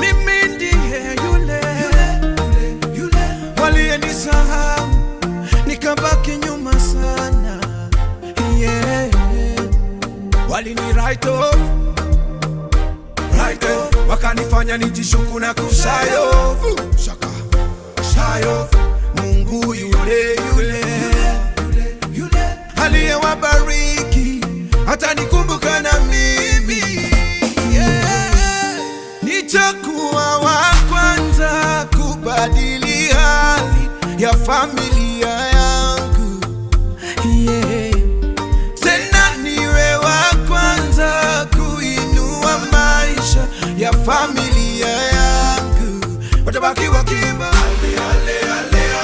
Mimi ndiye yule, yule, yule. Waliyenisahau nikabaki nyuma sana yeah. Wakanifanya nijishuku na kusayo Shaka. Shayo Mungu yule yule aliyewabariki hata nikumbuka nitakuwa wa kwanza kubadili hali ya familia yangu yeah. Tena niwe wa kwanza kuinua maisha ya familia yangu watabaki wakiwa